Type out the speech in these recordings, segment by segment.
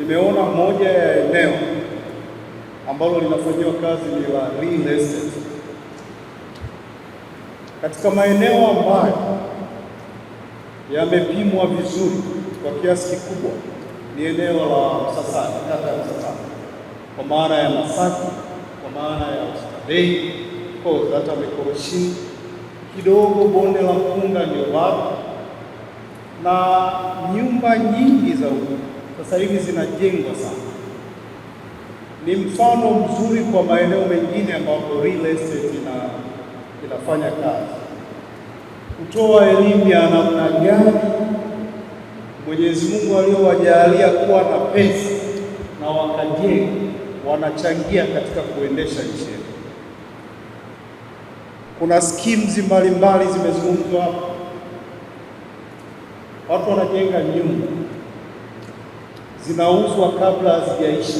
nimeona moja ya eneo ambalo linafanyiwa kazi ni la real estate katika maeneo ambayo yamepimwa vizuri kwa kiasi kikubwa ni eneo la Msasani, kata ya Msasani, kwa maana ya Masaki, kwa maana ya Oysterbay, hata Mekoroshini, kidogo bonde la Mpunga ndio baba na nyumba nyingi za sasa hivi zinajengwa sana. Ni mfano mzuri kwa maeneo mengine ambapo real estate ina, inafanya kazi kutoa elimu ya namna gani Mwenyezi Mungu aliyowajalia kuwa na pesa na wakajenga wanachangia katika kuendesha nchi yetu. Kuna schemes mbalimbali zimezungumzwa hapa, watu wanajenga nyumba zinauzwa kabla hazijaisha,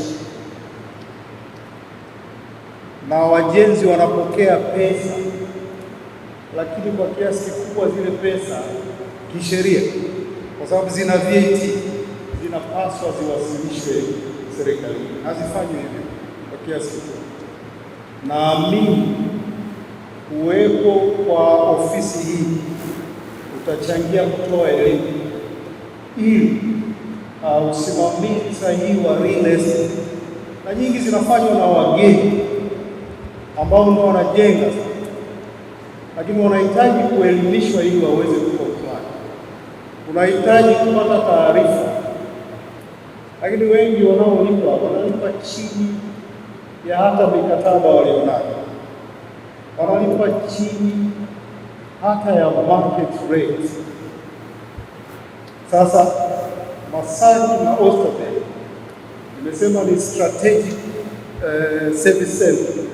na wajenzi wanapokea pesa, lakini kwa kiasi kikubwa zile pesa kisheria, kwa sababu zina VAT, zinapaswa ziwasilishwe serikalini, hazifanywi hivyo kwa kiasi kikubwa. Naamini kuwepo kwa ofisi hii utachangia kutoa elimu ili uh, ah, usimamizi sahihi wa real estate, na nyingi zinafanywa na wageni ambao ndio wanajenga, lakini wanahitaji kuelimishwa ili waweze kukomplai. Unahitaji kupata taarifa, lakini wengi wanaolipa wanalipa chini ya hata mikataba walionayo, wanalipa chini hata ya market rate. Sasa Masaji na Oysterbay. Nimesema ni strategic uh, service center,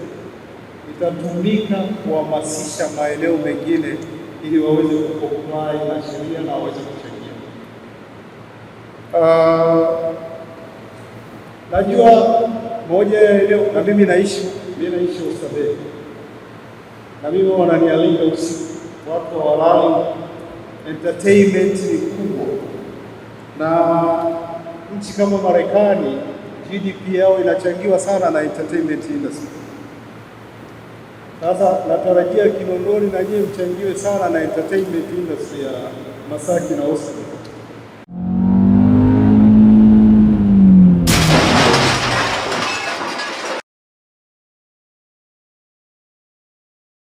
itatumika kuhamasisha maeneo mengine ili waweze kukomai na sheria na waweze kuchangia. Uh, najua moja ya eneo na mimi naishi mimi naishi Oysterbay na mimi wananialika usiku, watu hawalali, entertainment na nchi kama Marekani GDP yao inachangiwa sana na entertainment industry. Sasa natarajia Kinondoni na nyie mchangiwe sana na entertainment industry ya Masaki na Osaka.